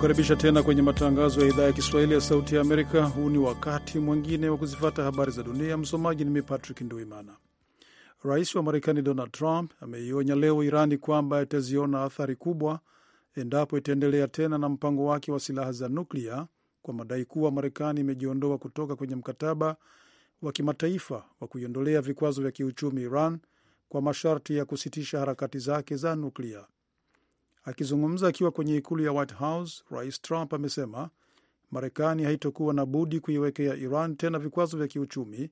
kukaribisha tena kwenye matangazo ya idhaa ya Kiswahili ya Sauti ya Amerika. Huu ni wakati mwingine wa kuzifata habari za dunia. Msomaji ni mimi Patrick Nduimana. Rais wa Marekani Donald Trump ameionya leo Irani kwamba itaziona athari kubwa endapo itaendelea tena na mpango wake wa silaha za nuklia kwa madai kuwa Marekani imejiondoa kutoka kwenye mkataba wa kimataifa wa kuiondolea vikwazo vya kiuchumi Iran kwa masharti ya kusitisha harakati zake za nuklia. Akizungumza akiwa kwenye ikulu ya White House, Rais Trump amesema Marekani haitokuwa na budi kuiwekea Iran tena vikwazo vya kiuchumi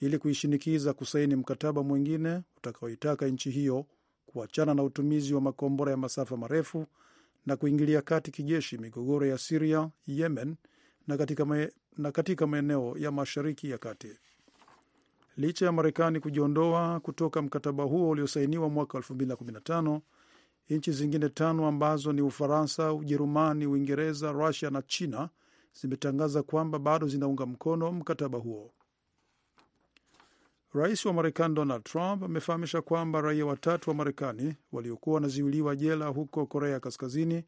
ili kuishinikiza kusaini mkataba mwingine utakaoitaka nchi hiyo kuachana na utumizi wa makombora ya masafa marefu na kuingilia kati kijeshi migogoro ya Siria, Yemen na katika, me, na katika maeneo ya Mashariki ya Kati. Licha ya Marekani kujiondoa kutoka mkataba huo uliosainiwa mwaka 2015 Nchi zingine tano ambazo ni Ufaransa, Ujerumani, Uingereza, Rusia na China zimetangaza kwamba bado zinaunga mkono mkataba huo. Rais wa Marekani Donald Trump amefahamisha kwamba raia watatu wa Marekani waliokuwa wanaziwiliwa jela huko Korea Kaskazini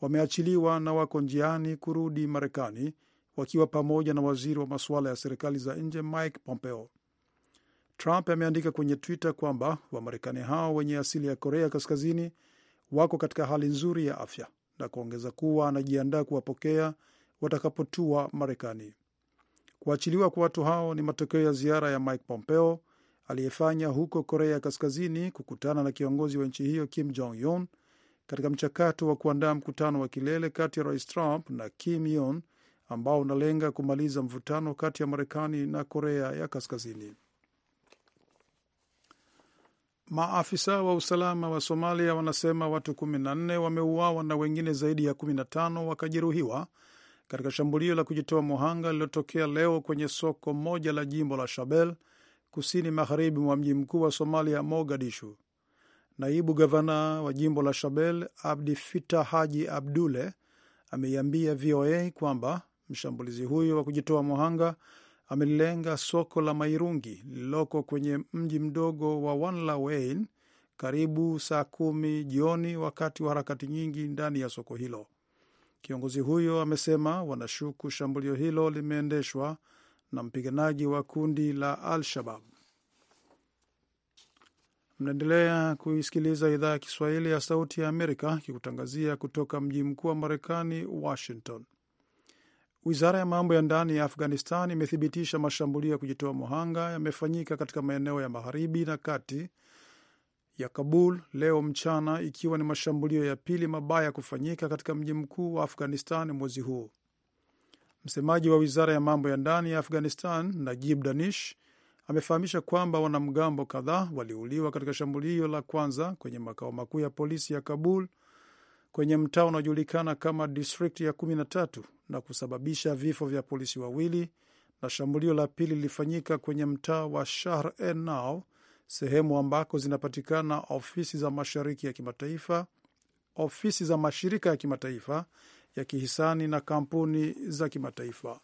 wameachiliwa na wako njiani kurudi Marekani wakiwa pamoja na waziri wa masuala ya serikali za nje Mike Pompeo. Trump ameandika kwenye Twitter kwamba Wamarekani hao wenye asili ya Korea Kaskazini wako katika hali nzuri ya afya na kuongeza kuwa anajiandaa kuwapokea watakapotua Marekani. Kuachiliwa kwa watu hao ni matokeo ya ziara ya Mike Pompeo aliyefanya huko Korea ya Kaskazini kukutana na kiongozi wa nchi hiyo Kim Jong Un katika mchakato wa kuandaa mkutano wa kilele kati ya Rais Trump na Kim Yon ambao unalenga kumaliza mvutano kati ya Marekani na Korea ya Kaskazini. Maafisa wa usalama wa Somalia wanasema watu 14 wameuawa na wengine zaidi ya 15 wakajeruhiwa katika shambulio la kujitoa muhanga lililotokea leo kwenye soko moja la jimbo la Shabelle kusini magharibi mwa mji mkuu wa Somalia, Mogadishu. Naibu gavana wa jimbo la Shabelle Abdi Fita Haji Abdule ameiambia VOA kwamba mshambulizi huyo wa kujitoa muhanga amelilenga soko la Mairungi lililoko kwenye mji mdogo wa Wanlaweyn karibu saa kumi jioni, wakati wa harakati nyingi ndani ya soko hilo. Kiongozi huyo amesema wanashuku shambulio hilo limeendeshwa na mpiganaji wa kundi la Al-Shabab. Mnaendelea kuisikiliza idhaa ya Kiswahili ya Sauti ya Amerika kikutangazia kutoka mji mkuu wa Marekani, Washington. Wizara ya mambo ya ndani ya Afghanistan imethibitisha mashambulio ya kujitoa muhanga yamefanyika katika maeneo ya magharibi na kati ya Kabul leo mchana, ikiwa ni mashambulio ya pili mabaya kufanyika katika mji mkuu wa Afghanistan mwezi huu. Msemaji wa wizara ya mambo ya ndani ya Afghanistan, Najib Danish, amefahamisha kwamba wanamgambo kadhaa waliuliwa katika shambulio la kwanza kwenye makao makuu ya polisi ya Kabul kwenye mtaa unaojulikana kama district ya 13 na kusababisha vifo vya polisi wawili, na shambulio la pili lilifanyika kwenye mtaa wa Shahr Enau, sehemu ambako zinapatikana ofisi za mashariki ya kimataifa, ofisi za mashirika ya kimataifa ya kihisani na kampuni za kimataifa.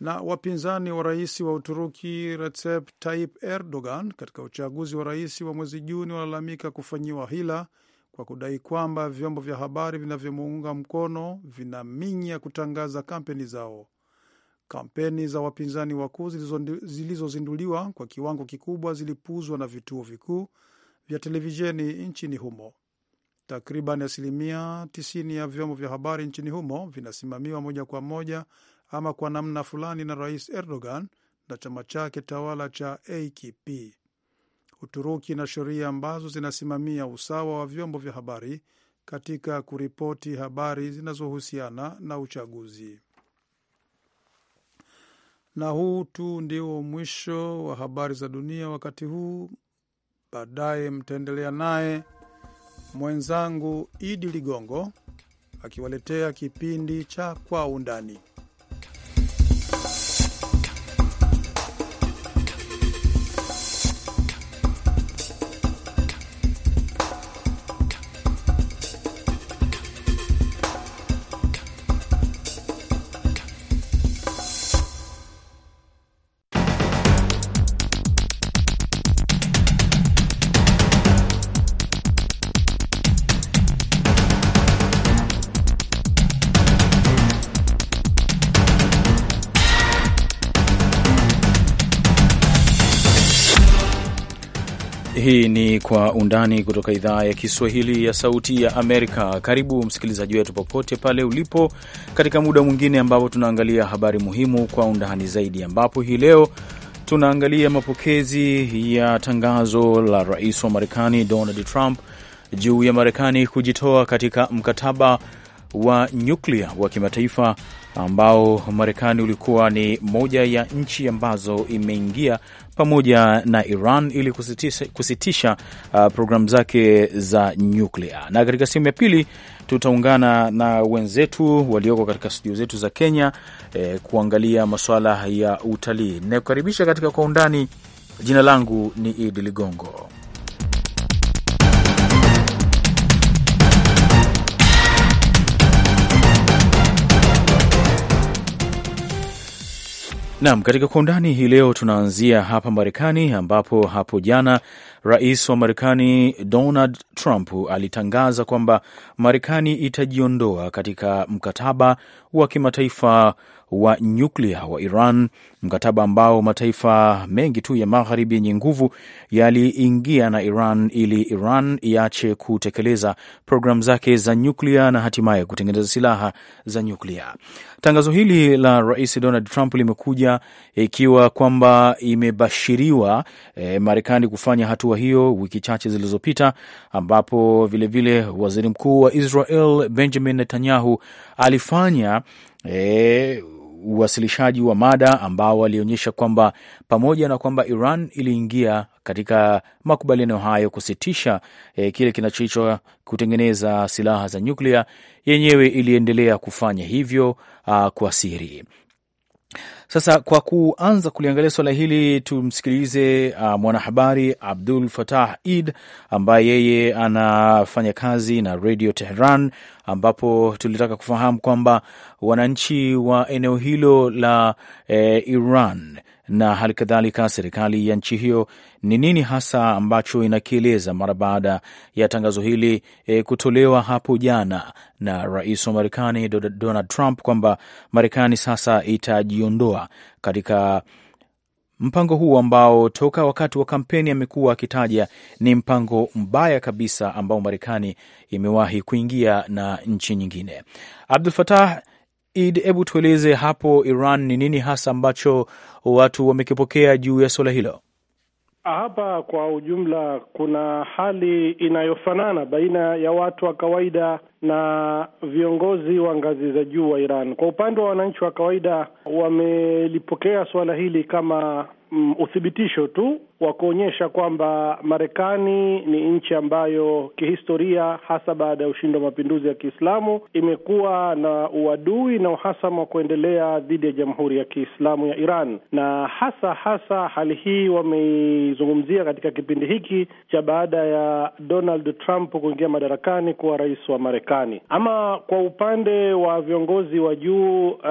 Na wapinzani wa rais wa Uturuki Recep Tayyip Erdogan katika uchaguzi wa rais wa mwezi Juni wanalalamika kufanyiwa hila kwa kudai kwamba vyombo vya habari vinavyomuunga mkono vinaminya kutangaza kampeni zao. Kampeni za wapinzani wakuu zilizozinduliwa kwa kiwango kikubwa zilipuzwa na vituo vikuu vya televisheni nchini humo. Takriban asilimia 90 ya vyombo vya habari nchini humo vinasimamiwa moja kwa moja ama kwa namna fulani na Rais Erdogan na chama chake tawala cha AKP. Uturuki na sheria ambazo zinasimamia usawa wa vyombo vya habari katika kuripoti habari zinazohusiana na uchaguzi. Na huu tu ndio mwisho wa habari za dunia wakati huu. Baadaye mtaendelea naye mwenzangu Idi Ligongo akiwaletea kipindi cha Kwa Undani. Hii ni Kwa Undani kutoka idhaa ya Kiswahili ya Sauti ya Amerika. Karibu msikilizaji wetu popote pale ulipo, katika muda mwingine ambapo tunaangalia habari muhimu kwa undani zaidi, ambapo hii leo tunaangalia mapokezi ya tangazo la rais wa Marekani Donald Trump juu ya Marekani kujitoa katika mkataba wa nyuklia wa kimataifa ambao Marekani ulikuwa ni moja ya nchi ambazo imeingia pamoja na Iran ili kusitisha, kusitisha uh, programu zake za nyuklia. Na katika sehemu ya pili tutaungana na wenzetu walioko katika studio zetu za Kenya eh, kuangalia masuala ya utalii. Nakukaribisha katika kwa undani. Jina langu ni Idi Ligongo. Naam, katika kwa undani hii leo tunaanzia hapa Marekani, ambapo hapo jana rais wa Marekani Donald Trump alitangaza kwamba Marekani itajiondoa katika mkataba wa kimataifa wa nyuklia wa Iran, mkataba ambao mataifa mengi tu ya magharibi yenye nguvu yaliingia na Iran ili Iran iache kutekeleza programu zake za nyuklia na hatimaye kutengeneza silaha za nyuklia. Tangazo hili la Rais Donald Trump limekuja ikiwa kwamba imebashiriwa e, Marekani kufanya hatua hiyo wiki chache zilizopita, ambapo vilevile vile waziri mkuu wa Israel Benjamin Netanyahu alifanya e, uwasilishaji wa mada ambao walionyesha kwamba pamoja na kwamba Iran iliingia katika makubaliano hayo kusitisha eh, kile kinachoitwa kutengeneza silaha za nyuklia, yenyewe iliendelea kufanya hivyo a, ah, kwa siri. Sasa kwa kuanza kuliangalia swala hili tumsikilize uh, mwanahabari Abdul Fatah Id ambaye yeye anafanya kazi na Radio Tehran, ambapo tulitaka kufahamu kwamba wananchi wa eneo hilo la eh, Iran na hali kadhalika serikali ya nchi hiyo ni nini hasa ambacho inakieleza mara baada ya tangazo hili e, kutolewa hapo jana na rais wa Marekani Donald Trump kwamba Marekani sasa itajiondoa katika mpango huu ambao toka wakati wa kampeni amekuwa akitaja ni mpango mbaya kabisa ambao Marekani imewahi kuingia na nchi nyingine. Abdul Fatah Id, hebu tueleze hapo Iran ni nini hasa ambacho watu wamekipokea juu ya suala hilo? Hapa kwa ujumla, kuna hali inayofanana baina ya watu wa kawaida na viongozi wa ngazi za juu wa Iran. Kwa upande wa wananchi wa kawaida, wamelipokea suala hili kama mm, uthibitisho tu wa kuonyesha kwamba Marekani ni nchi ambayo kihistoria, hasa baada ya ushindi wa mapinduzi ya Kiislamu, imekuwa na uadui na uhasama wa kuendelea dhidi ya Jamhuri ya Kiislamu ya Iran, na hasa hasa hali hii wameizungumzia katika kipindi hiki cha baada ya Donald Trump kuingia madarakani kuwa rais wa Marekani. Ama kwa upande wa viongozi wa juu, uh,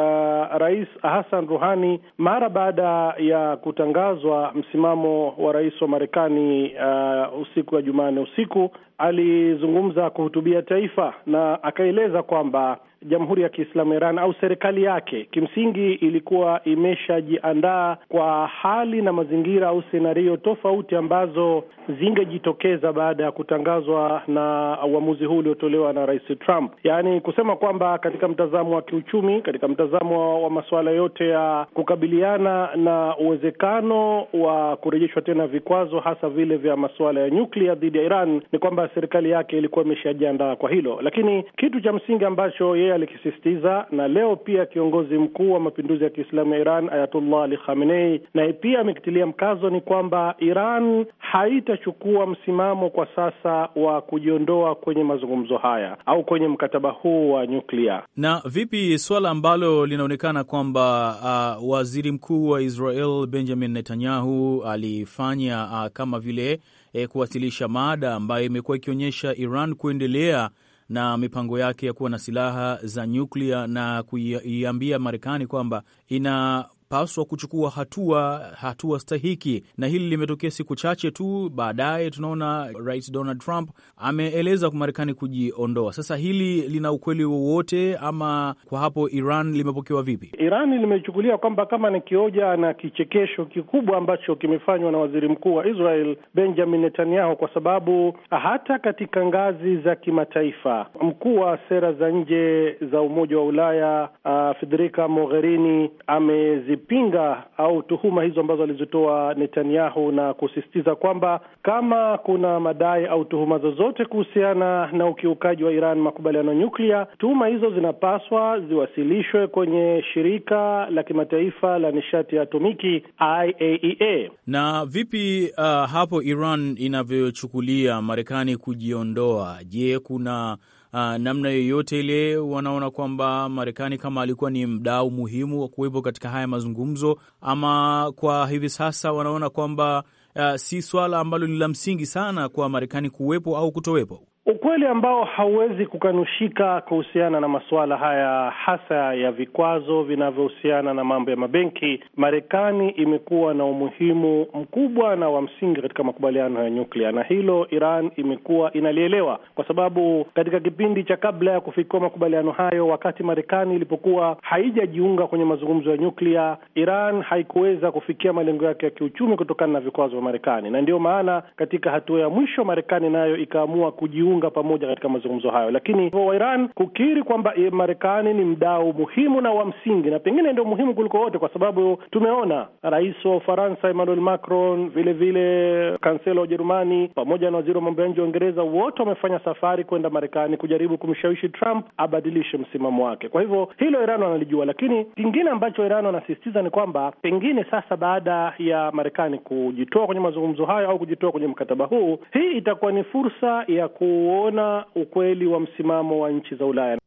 Rais Hassan Ruhani mara baada ya kutangazwa msimamo wa rais wa Marekani uh, usiku wa Jumanne usiku alizungumza kuhutubia taifa na akaeleza kwamba Jamhuri ya Kiislamu Iran au serikali yake kimsingi ilikuwa imeshajiandaa kwa hali na mazingira au senario tofauti ambazo zingejitokeza baada ya kutangazwa na uamuzi huu uliotolewa na Rais Trump, yaani kusema kwamba katika mtazamo wa kiuchumi, katika mtazamo wa masuala yote ya kukabiliana na uwezekano wa kurejeshwa tena vikwazo, hasa vile vya masuala ya nyuklia dhidi ya Iran, ni kwamba serikali yake ilikuwa imeshajiandaa kwa hilo, lakini kitu cha msingi ambacho yeye alikisisitiza na leo pia kiongozi mkuu wa mapinduzi ya Kiislamu ya Iran Ayatullah Ali Khamenei naye pia amekitilia mkazo ni kwamba Iran haitachukua msimamo kwa sasa wa kujiondoa kwenye mazungumzo haya au kwenye mkataba huu wa nyuklia. Na vipi suala ambalo linaonekana kwamba uh, waziri mkuu wa Israel Benjamin Netanyahu alifanya uh, kama vile e, kuwasilisha mada ambayo imekuwa ikionyesha Iran kuendelea na mipango yake ya kuwa na silaha za nyuklia na kuiambia Marekani kwamba ina wanapaswa kuchukua hatua, hatua stahiki, na hili limetokea siku chache tu baadaye. Tunaona Rais Donald Trump ameeleza Marekani kujiondoa. Sasa hili lina ukweli wowote ama kwa hapo Iran limepokewa vipi? Iran limechukulia kwamba kama ni kioja na kichekesho kikubwa ambacho kimefanywa na waziri mkuu wa Israel Benjamin Netanyahu, kwa sababu hata katika ngazi za kimataifa mkuu wa sera za nje za Umoja wa Ulaya uh, Federica Mogherini amezi amepinga au tuhuma hizo ambazo alizitoa Netanyahu na kusisitiza kwamba kama kuna madai au tuhuma zozote kuhusiana na ukiukaji wa Iran makubaliano nyuklia, tuhuma hizo zinapaswa ziwasilishwe kwenye shirika la kimataifa la nishati ya atomiki IAEA. E na vipi uh, hapo Iran inavyochukulia Marekani kujiondoa? Je, kuna uh, namna yoyote ile wanaona kwamba Marekani kama alikuwa ni mdau muhimu wa kuwepo katika haya mazungumzo, ama kwa hivi sasa wanaona kwamba uh, si swala ambalo ni la msingi sana kwa Marekani kuwepo au kutowepo? Ukweli ambao hauwezi kukanushika kuhusiana na masuala haya hasa ya vikwazo vinavyohusiana na mambo ya mabenki, Marekani imekuwa na umuhimu mkubwa na wa msingi katika makubaliano ya nyuklia, na hilo Iran imekuwa inalielewa, kwa sababu katika kipindi cha kabla ya kufikiwa makubaliano hayo, wakati Marekani ilipokuwa haijajiunga kwenye mazungumzo ya nyuklia, Iran haikuweza kufikia malengo yake ya kiuchumi kutokana na vikwazo vya Marekani, na ndiyo maana katika hatua ya mwisho Marekani nayo ikaamua kujiunga kujiunga pamoja katika mazungumzo hayo, lakini wa Iran kukiri kwamba Marekani ni mdau muhimu na wa msingi na pengine ndio muhimu kuliko wote, kwa sababu tumeona rais wa Ufaransa Emmanuel Macron, vile vile kansela wa Ujerumani pamoja na waziri wa mambo ya nje wa Uingereza, wote wamefanya safari kwenda Marekani kujaribu kumshawishi Trump abadilishe msimamo wake. Kwa hivyo hilo Iran wanalijua, lakini kingine ambacho Iran wanasisitiza ni kwamba pengine sasa baada ya Marekani kujitoa kwenye mazungumzo hayo au kujitoa kwenye mkataba huu, hii itakuwa ni fursa ya ku kuona ukweli wa msimamo wa nchi za Ulaya.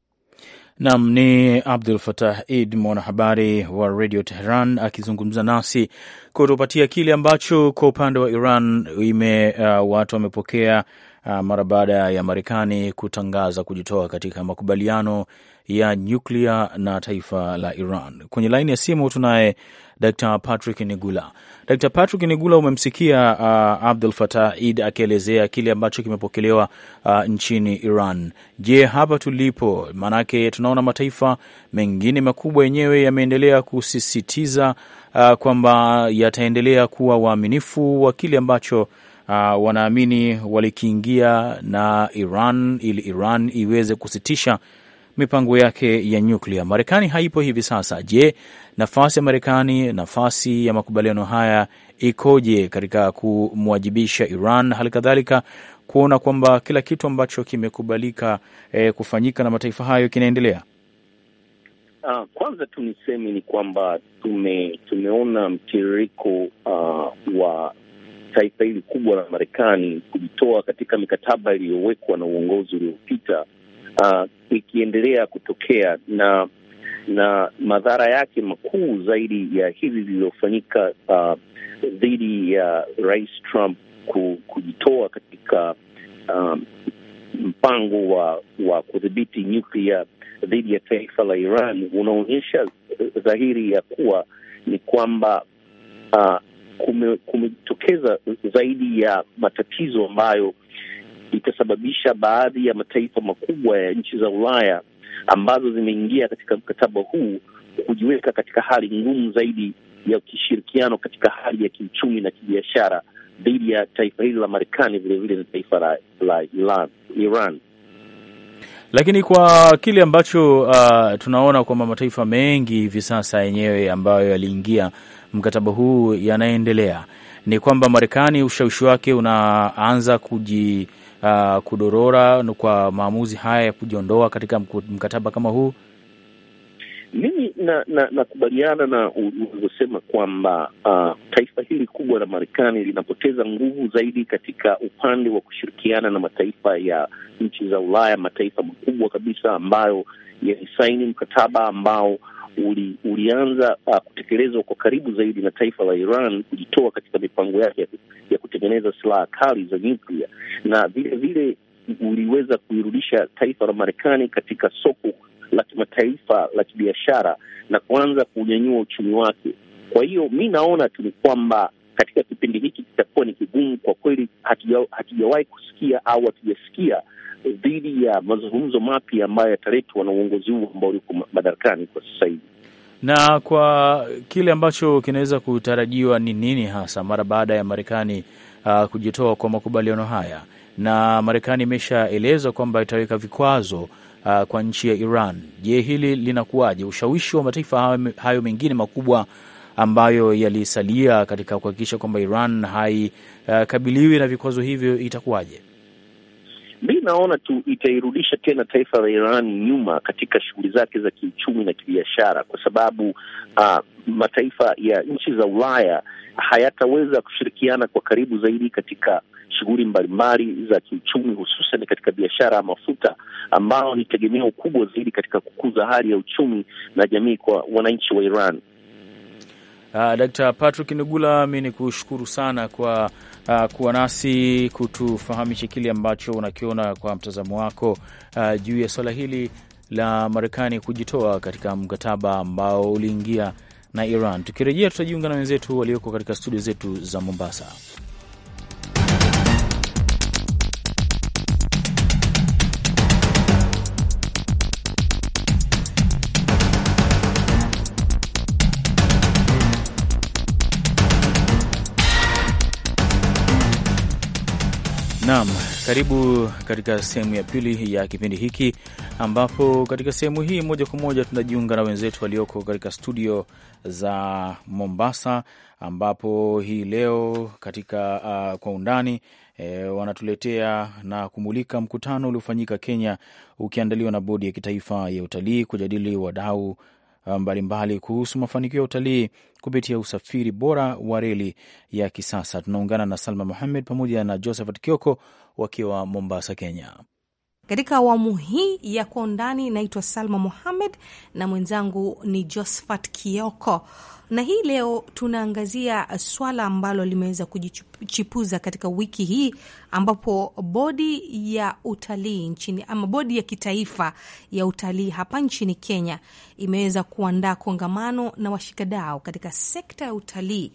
Nam ni Abdul Fatah Id, mwanahabari wa redio Teheran, akizungumza nasi kutupatia kile ambacho kwa upande wa Iran ime uh, watu wamepokea uh, mara baada ya Marekani kutangaza kujitoa katika makubaliano ya nyuklia na taifa la Iran. Kwenye laini ya simu tunaye Dr. Patrick Nigula. Dr. Patrick Nigula, umemsikia uh, Abdul Fatah Id akielezea kile ambacho kimepokelewa uh, nchini Iran. Je, hapa tulipo, maanake tunaona mataifa mengine makubwa yenyewe yameendelea kusisitiza uh, kwamba yataendelea kuwa waaminifu wa kile ambacho Uh, wanaamini walikiingia na Iran ili Iran iweze kusitisha mipango yake ya nyuklia. Marekani haipo hivi sasa. Je, Nafasi ya Marekani, nafasi ya makubaliano haya ikoje katika kumwajibisha Iran, hali kadhalika kuona kwamba kila kitu ambacho kimekubalika e, kufanyika na mataifa hayo kinaendelea? Uh, kwanza tu niseme ni kwamba tume, tumeona mtiririko uh, wa taifa hili kubwa la Marekani kujitoa katika mikataba iliyowekwa na uongozi uliopita uh, ikiendelea kutokea na na madhara yake makuu zaidi ya hili lililofanyika uh, dhidi ya Rais Trump kujitoa katika um, mpango wa wa kudhibiti nyuklia dhidi ya taifa la Iran unaonyesha dhahiri ya kuwa ni kwamba uh, kumetokeza zaidi ya matatizo ambayo itasababisha baadhi ya mataifa makubwa ya nchi za Ulaya ambazo zimeingia katika mkataba huu kujiweka katika hali ngumu zaidi ya kishirikiano katika hali ya kiuchumi na kibiashara dhidi ya taifa hili la Marekani, vilevile na taifa la, la Iran. Lakini kwa kile ambacho uh, tunaona kwamba mataifa mengi hivi sasa yenyewe ambayo yaliingia mkataba huu yanaendelea, ni kwamba Marekani ushawishi wake unaanza kuji uh, kudorora kwa maamuzi haya ya kujiondoa katika mkataba kama huu? Mimi nakubaliana na, na, na ulivyosema kwamba uh, taifa hili kubwa la Marekani linapoteza nguvu zaidi katika upande wa kushirikiana na mataifa ya nchi za Ulaya, mataifa makubwa kabisa ambayo yalisaini mkataba ambao uli, ulianza uh, kutekelezwa kwa karibu zaidi na taifa la Iran kujitoa katika mipango yake ya kutengeneza silaha kali za nyuklia na vile vile uliweza kuirudisha taifa la Marekani katika soko la kimataifa la kibiashara na kuanza kunyanyua uchumi wake. Kwa hiyo mi naona tu ni kwamba katika kipindi hiki kitakuwa ni kigumu kwa kweli, hatujawahi kusikia au hatujasikia dhidi ya mazungumzo mapya ambayo yataletwa na uongozi huu ambao uko madarakani kwa sasa hivi. Na kwa kile ambacho kinaweza kutarajiwa ni nini hasa mara baada ya Marekani uh, kujitoa kwa makubaliano haya, na Marekani imeshaelezwa kwamba itaweka vikwazo uh, kwa nchi ya Iran. Je, hili linakuwaje? Ushawishi wa mataifa hayo mengine makubwa ambayo yalisalia katika kuhakikisha kwamba Iran haikabiliwi uh, na vikwazo hivyo itakuwaje? naona tu itairudisha tena taifa la Iran nyuma katika shughuli zake za kiuchumi na kibiashara, kwa sababu uh, mataifa ya nchi za Ulaya hayataweza kushirikiana kwa karibu zaidi katika shughuli mbalimbali za kiuchumi, hususan katika biashara ya mafuta ambao ni tegemeo kubwa zaidi katika kukuza hali ya uchumi na jamii kwa wananchi wa Iran. Uh, Dkt. Patrick Nigula, mi ni kushukuru sana kwa uh, kuwa nasi kutufahamisha kile ambacho unakiona kwa mtazamo wako uh, juu ya swala hili la Marekani kujitoa katika mkataba ambao uliingia na Iran. Tukirejea tutajiunga na wenzetu walioko katika studio zetu za Mombasa. Naam, karibu katika sehemu ya pili ya kipindi hiki, ambapo katika sehemu hii moja kwa moja tunajiunga na wenzetu walioko katika studio za Mombasa, ambapo hii leo katika uh, kwa undani E, wanatuletea na kumulika mkutano uliofanyika Kenya ukiandaliwa na bodi ya kitaifa ya utalii kujadili wadau Uh, mbalimbali kuhusu mafanikio ya utalii kupitia usafiri bora wa reli ya kisasa. Tunaungana na Salma Muhamed pamoja na Josephat Kioko wakiwa Mombasa, Kenya. Katika awamu hii ya Kwa Undani, naitwa Salma Mohamed na mwenzangu ni Josphat Kioko, na hii leo tunaangazia swala ambalo limeweza kujichipuza katika wiki hii, ambapo bodi ya utalii nchini ama bodi ya kitaifa ya utalii hapa nchini Kenya imeweza kuandaa kongamano na washikadau katika sekta ya utalii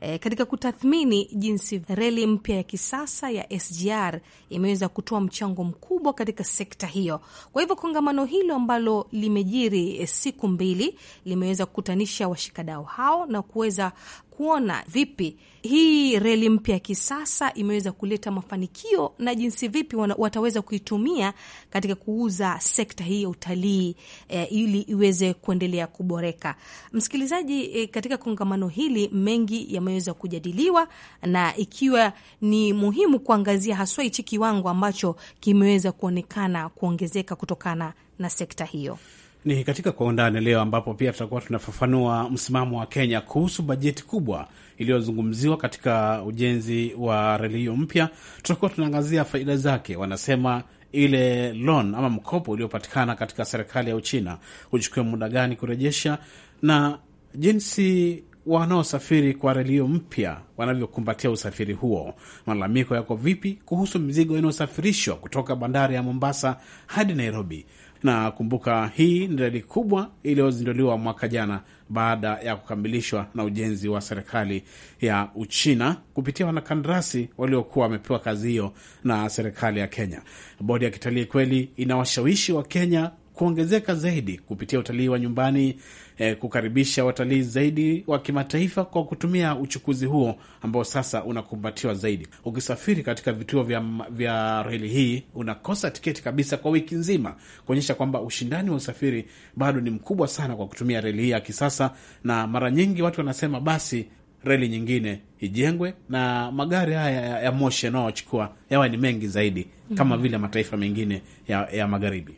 E, katika kutathmini jinsi reli mpya ya kisasa ya SGR imeweza kutoa mchango mkubwa katika sekta hiyo. Kwa hivyo kongamano hilo ambalo limejiri e, siku mbili limeweza kukutanisha washikadau hao na kuweza kuona vipi hii reli mpya ya kisasa imeweza kuleta mafanikio na jinsi vipi wana, wataweza kuitumia katika kuuza sekta hii ya utalii e, ili iweze kuendelea kuboreka. Msikilizaji, e, katika kongamano hili mengi yameweza kujadiliwa na ikiwa ni muhimu kuangazia haswa hichi kiwango ambacho kimeweza kuonekana kuongezeka kutokana na sekta hiyo. Ni katika kwa undani leo ambapo pia tutakuwa tunafafanua msimamo wa Kenya kuhusu bajeti kubwa iliyozungumziwa katika ujenzi wa reli hiyo mpya. Tutakuwa tunaangazia faida zake. Wanasema ile loan ama mkopo uliopatikana katika serikali ya Uchina huchukua muda gani kurejesha, na jinsi wanaosafiri kwa reli hiyo mpya wanavyokumbatia usafiri huo. Malalamiko yako vipi kuhusu mizigo inayosafirishwa kutoka bandari ya Mombasa hadi Nairobi? na kumbuka, hii ni reli kubwa iliyozinduliwa mwaka jana baada ya kukamilishwa na ujenzi wa serikali ya Uchina kupitia wanakandarasi waliokuwa wamepewa kazi hiyo na serikali ya Kenya. Bodi ya kitalii kweli inawashawishi wa Kenya kuongezeka zaidi kupitia utalii wa nyumbani eh, kukaribisha watalii zaidi wa kimataifa kwa kutumia uchukuzi huo ambao sasa unakumbatiwa zaidi. Ukisafiri katika vituo vya, vya reli hii unakosa tiketi kabisa kwa wiki nzima, kuonyesha kwamba ushindani wa usafiri bado ni mkubwa sana kwa kutumia reli hii ya kisasa, na mara nyingi watu wanasema basi reli nyingine ijengwe na magari haya ya moshi yanayochukua yawe ni mengi zaidi, kama mm-hmm. vile mataifa mengine ya, ya magharibi.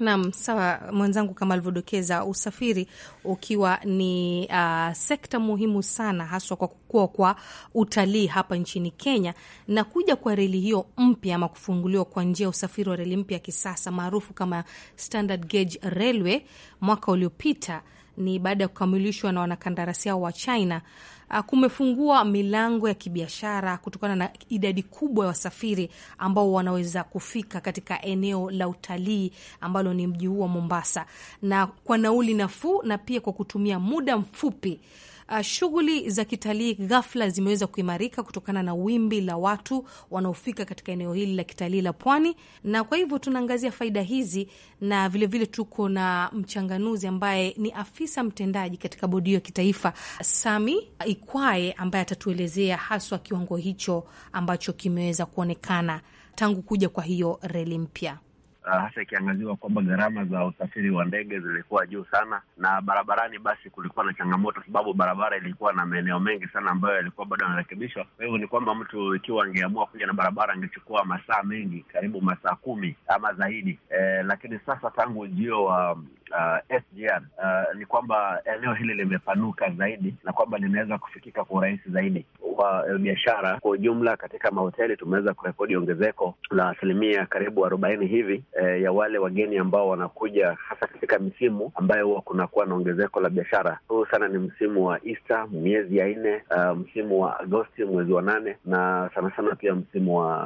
Nam, sawa mwenzangu, kama alivyodokeza, usafiri ukiwa ni uh, sekta muhimu sana haswa kwa kukua kwa utalii hapa nchini Kenya, na kuja kwa reli hiyo mpya ama kufunguliwa kwa njia ya usafiri wa reli mpya ya kisasa maarufu kama standard gauge railway mwaka uliopita ni baada ya kukamilishwa na wanakandarasi hao wa China ah, kumefungua milango ya kibiashara kutokana na idadi kubwa ya wasafiri ambao wanaweza kufika katika eneo la utalii ambalo ni mji huu wa Mombasa, na kwa nauli nafuu na pia kwa kutumia muda mfupi. Uh, shughuli za kitalii ghafla zimeweza kuimarika kutokana na wimbi la watu wanaofika katika eneo hili la kitalii la pwani, na kwa hivyo tunaangazia faida hizi, na vilevile vile tuko na mchanganuzi ambaye ni afisa mtendaji katika bodi hiyo ya kitaifa, Sami Ikwae, ambaye atatuelezea haswa kiwango hicho ambacho kimeweza kuonekana tangu kuja kwa hiyo reli mpya. Uh, hasa ikiangaziwa kwamba gharama za usafiri wa ndege zilikuwa juu sana, na barabarani basi kulikuwa na changamoto, sababu barabara ilikuwa na maeneo mengi sana ambayo yalikuwa bado yanarekebishwa. Kwa hivyo ni kwamba mtu ikiwa angeamua kuja na barabara angechukua masaa mengi, karibu masaa kumi ama zaidi. E, lakini sasa tangu ujio wa um, uh, SGR uh, ni kwamba eneo hili limepanuka zaidi na kwamba linaweza kufikika kwa urahisi zaidi wa biashara kwa ujumla. Katika mahoteli tumeweza kurekodi ongezeko la asilimia karibu arobaini hivi eh, ya wale wageni ambao wanakuja hasa katika misimu ambayo huwa kunakuwa na ongezeko la biashara. Huu sana ni msimu wa Easter, miezi ya nne, uh, msimu wa Agosti, mwezi wa nane, na sana sana pia msimu wa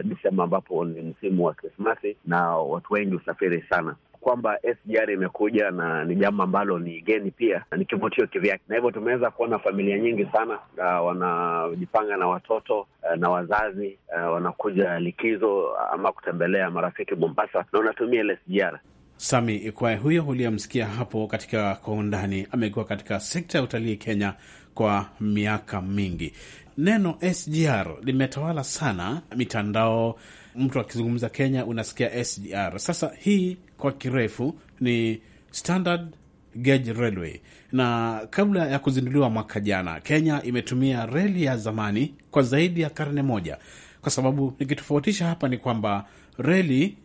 uh, Desemba ambapo ni msimu wa Krismasi na watu wengi husafiri sana kwamba SGR imekuja na ni jambo ambalo ni geni pia na ni kivutio kivyake, na hivyo tumeweza kuona familia nyingi sana uh, wanajipanga na watoto uh, na wazazi uh, wanakuja likizo ama kutembelea marafiki Mombasa na unatumia ile SGR. Sami Ikwae huyo uliyemsikia hapo katika Kwa Undani amekuwa katika sekta ya utalii Kenya kwa miaka mingi. Neno SGR limetawala sana mitandao mtu akizungumza Kenya unasikia SGR. Sasa hii kwa kirefu ni standard gauge railway, na kabla ya kuzinduliwa mwaka jana, Kenya imetumia reli ya zamani kwa zaidi ya karne moja. Kwa sababu nikitofautisha hapa ni kwamba reli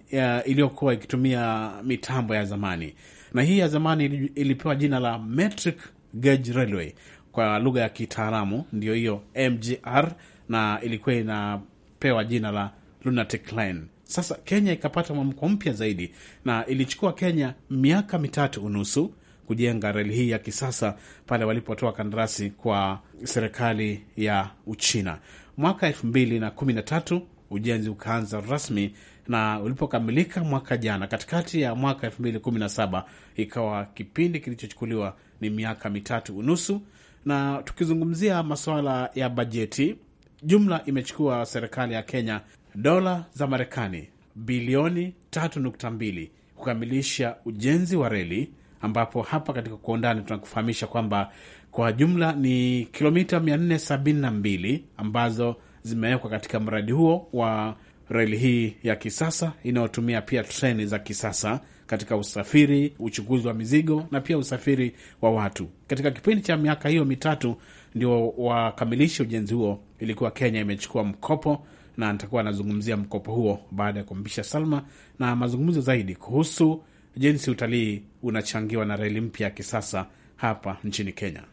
iliyokuwa ikitumia mitambo ya zamani na hii ya zamani ilipewa jina la metric gauge railway kwa lugha ya kitaalamu, ndio hiyo MGR, na ilikuwa inapewa jina la Lunatic Line. Sasa Kenya ikapata mwamko mpya zaidi, na ilichukua Kenya miaka mitatu unusu kujenga reli hii ya kisasa pale walipotoa kandarasi kwa serikali ya Uchina. Mwaka elfu mbili na kumi na tatu ujenzi ukaanza rasmi na ulipokamilika mwaka jana, katikati ya mwaka elfu mbili kumi na saba ikawa kipindi kilichochukuliwa ni miaka mitatu unusu. Na tukizungumzia masuala ya bajeti, jumla imechukua serikali ya Kenya dola za Marekani bilioni 3.2 kukamilisha ujenzi wa reli, ambapo hapa katika kwa undani tunakufahamisha kwamba kwa jumla ni kilomita 472 ambazo zimewekwa katika mradi huo wa reli hii ya kisasa inayotumia pia treni za kisasa katika usafiri, uchukuzi wa mizigo na pia usafiri wa watu. Katika kipindi cha miaka hiyo mitatu ndio wakamilishi ujenzi huo, ilikuwa Kenya imechukua mkopo na nitakuwa anazungumzia mkopo huo baada ya kumpisha Salma na mazungumzo zaidi kuhusu jinsi utalii unachangiwa na reli mpya ya kisasa hapa nchini Kenya.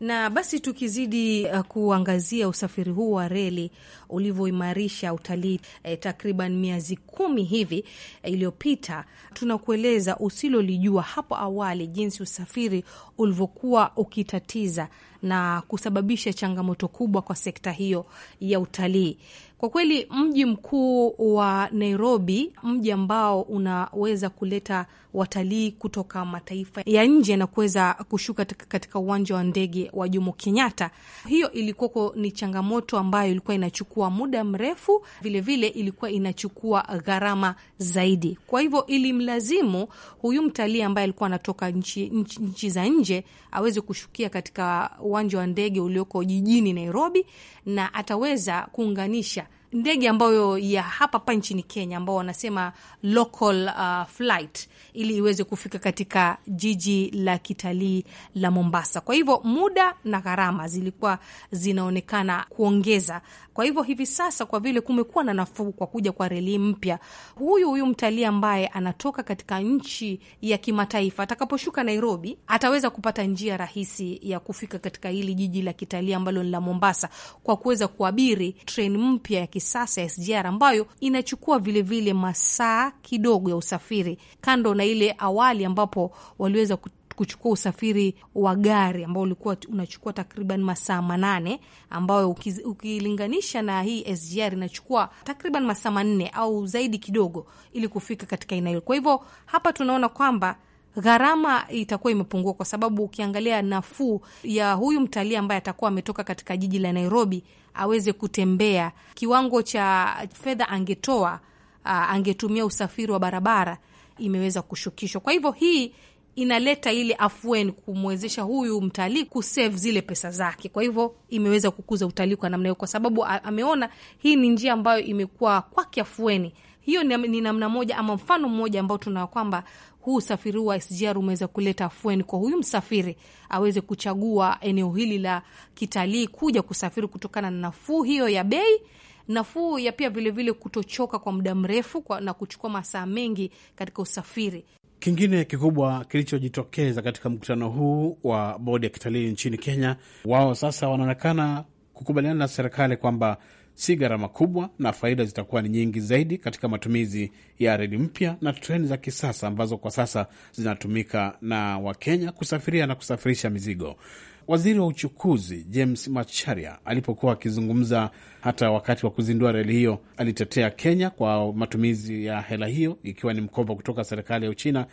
Na basi tukizidi uh, kuangazia usafiri huu wa reli ulivyoimarisha utalii e, takriban miezi kumi hivi e, iliyopita, tunakueleza usilolijua hapo awali jinsi usafiri ulivyokuwa ukitatiza na kusababisha changamoto kubwa kwa sekta hiyo ya utalii. Kwa kweli mji mkuu wa Nairobi, mji ambao unaweza kuleta watalii kutoka mataifa ya nje na kuweza kushuka katika uwanja wa ndege wa Jomo Kenyatta. Hiyo ilikuwako ni changamoto ambayo ilikuwa inachukua muda mrefu, vilevile vile ilikuwa inachukua gharama zaidi. Kwa hivyo ilimlazimu huyu mtalii ambaye alikuwa anatoka nchi, nchi, nchi za nje aweze kushukia katika uwanja wa ndege ulioko jijini Nairobi na ataweza kuunganisha ndege ambayo ya hapa hapa nchini Kenya ambao wanasema local uh, flight ili iweze kufika katika jiji la kitalii la Mombasa. Kwa hivyo muda na gharama zilikuwa zinaonekana kuongeza. Kwa hivyo hivi sasa, kwa vile kumekuwa na nafuu kwa kuja kwa reli mpya, huyu huyu mtalii ambaye anatoka katika nchi ya kimataifa atakaposhuka Nairobi ataweza kupata njia rahisi ya kufika katika hili jiji la kitalii ambalo ni la Mombasa kwa kuweza kuabiri treni mpya ya kisasa ya SGR ambayo inachukua vilevile vile masaa kidogo ya usafiri, kando na ile awali ambapo waliweza kuchukua usafiri wa gari ambao ulikuwa unachukua takriban masaa manane ambayo ukilinganisha na hii SGR inachukua takriban masaa manne au zaidi kidogo ili kufika katika aina hilo. Kwa hivyo hapa tunaona kwamba gharama itakuwa imepungua kwa sababu ukiangalia nafuu ya huyu mtalii ambaye atakuwa ametoka katika jiji la Nairobi aweze kutembea. Kiwango cha fedha angetoa Uh, angetumia usafiri wa barabara imeweza kushukishwa. Kwa hivyo hii inaleta ile afueni kumwezesha huyu mtalii kusave zile pesa zake. Kwa hivyo imeweza kukuza utalii kwa namna hiyo, kwa sababu ameona hii ni njia ambayo imekuwa kwake afueni hiyo ni namna moja ama mfano mmoja ambao tuna kwamba huu usafiri wa SGR umeweza kuleta afueni kwa huyu msafiri aweze kuchagua eneo hili la kitalii kuja kusafiri kutokana na nafuu hiyo ya bei nafuu ya pia vilevile kutochoka kwa muda mrefu na kuchukua masaa mengi katika usafiri. Kingine kikubwa kilichojitokeza katika mkutano huu wa bodi ya kitalii nchini Kenya, wao sasa wanaonekana kukubaliana na serikali kwamba si gharama kubwa na faida zitakuwa ni nyingi zaidi katika matumizi ya reli mpya na treni za kisasa ambazo kwa sasa zinatumika na Wakenya kusafiria na kusafirisha mizigo. Waziri wa uchukuzi James Macharia alipokuwa akizungumza, hata wakati wa kuzindua reli hiyo, alitetea Kenya kwa matumizi ya hela hiyo, ikiwa ni mkopo kutoka serikali ya Uchina,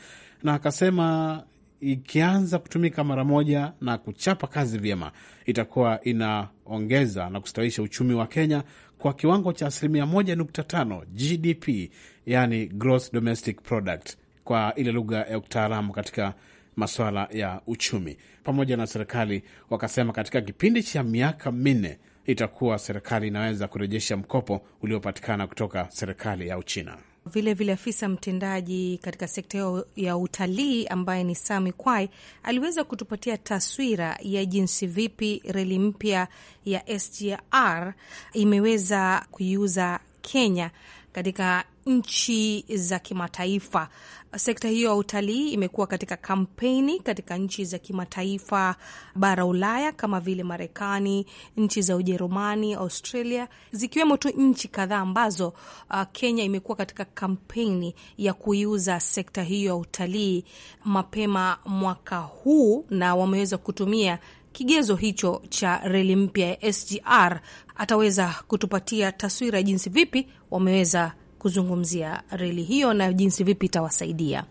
na akasema ikianza kutumika mara moja na kuchapa kazi vyema, itakuwa inaongeza na kustawisha uchumi wa Kenya kwa kiwango cha asilimia 1.5 GDP, yani gross domestic product kwa ile lugha ya utaalamu katika masuala ya uchumi. Pamoja na serikali wakasema katika kipindi cha miaka minne itakuwa serikali inaweza kurejesha mkopo uliopatikana kutoka serikali ya Uchina. Vilevile afisa mtendaji katika sekta ya utalii ambaye ni Sami Kwai aliweza kutupatia taswira ya jinsi vipi reli mpya ya SGR imeweza kuiuza Kenya katika nchi za kimataifa Sekta hiyo ya utalii imekuwa katika kampeni katika nchi za kimataifa bara Ulaya kama vile Marekani, nchi za Ujerumani, Australia, zikiwemo tu nchi kadhaa ambazo uh, Kenya imekuwa katika kampeni ya kuiuza sekta hiyo ya utalii mapema mwaka huu, na wameweza kutumia kigezo hicho cha reli mpya ya SGR. Ataweza kutupatia taswira jinsi vipi wameweza kuzungumzia reli hiyo na jinsi vipi itawasaidia.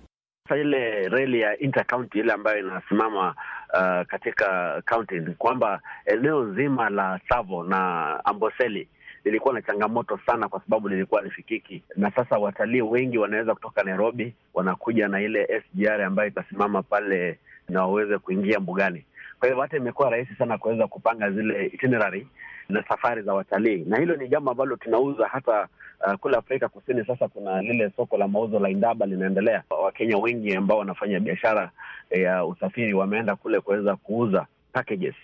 Sa ile reli ya intercounty ile ambayo inasimama uh, katika kaunti ni kwamba eneo nzima la Tsavo na Amboseli lilikuwa na changamoto sana, kwa sababu lilikuwa lifikiki, na sasa watalii wengi wanaweza kutoka Nairobi wanakuja na ile SGR ambayo itasimama pale na waweze kuingia mbugani. Kwa hivyo hata imekuwa rahisi sana kuweza kupanga zile itinerary na safari za watalii, na hilo ni jambo ambalo tunauza hata Uh, kule Afrika Kusini sasa kuna lile soko la mauzo la Indaba linaendelea. Wakenya wengi ambao wanafanya biashara eh, ya uh, usafiri wameenda kule kuweza kuuza packages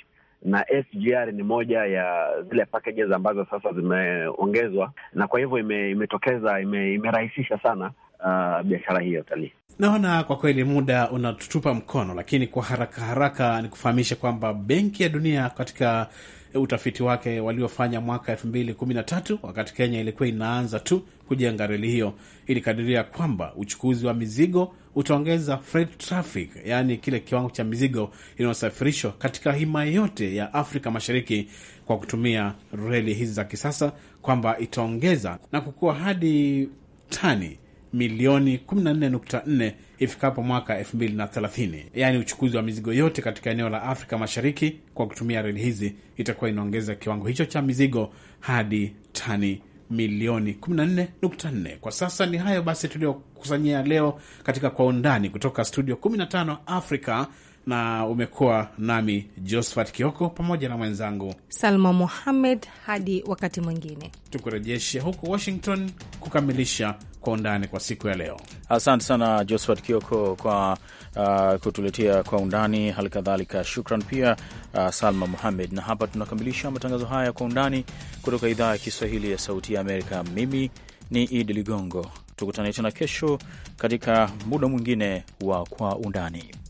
na SGR ni moja ya zile packages ambazo sasa zimeongezwa, na kwa hivyo ime, imetokeza ime, imerahisisha sana uh, biashara hii ya utalii. Naona kwa kweli muda unatutupa mkono, lakini kwa haraka haraka nikufahamishe kwamba Benki ya Dunia katika Eh, utafiti wake waliofanya mwaka 2013 wakati Kenya ilikuwa inaanza tu kujenga reli hiyo, ilikadiria kwamba uchukuzi wa mizigo utaongeza freight traffic, yaani kile kiwango cha mizigo inayosafirishwa katika himaya yote ya Afrika Mashariki kwa kutumia reli hizi za kisasa, kwamba itaongeza na kukua hadi tani milioni 14.4 ifikapo mwaka 2030. Yaani uchukuzi wa mizigo yote katika eneo la Afrika Mashariki kwa kutumia reli hizi itakuwa inaongeza kiwango hicho cha mizigo hadi tani milioni 14.4. Kwa sasa ni hayo basi tuliyokusanyia leo katika Kwa Undani kutoka studio 15 Afrika na umekuwa nami Josephat Kioko pamoja na mwenzangu Salma Mohamed. Hadi wakati mwingine, tukurejeshe huku Washington kukamilisha kwa undani kwa siku ya leo. Asante sana Josephat Kioko kwa uh, kutuletea kwa undani. Hali kadhalika shukran pia uh, Salma Mohamed, na hapa tunakamilisha matangazo haya kwa undani kutoka idhaa ya Kiswahili ya Sauti ya Amerika. Mimi ni Idi Ligongo, tukutane tena kesho katika muda mwingine wa kwa undani.